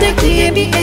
the baby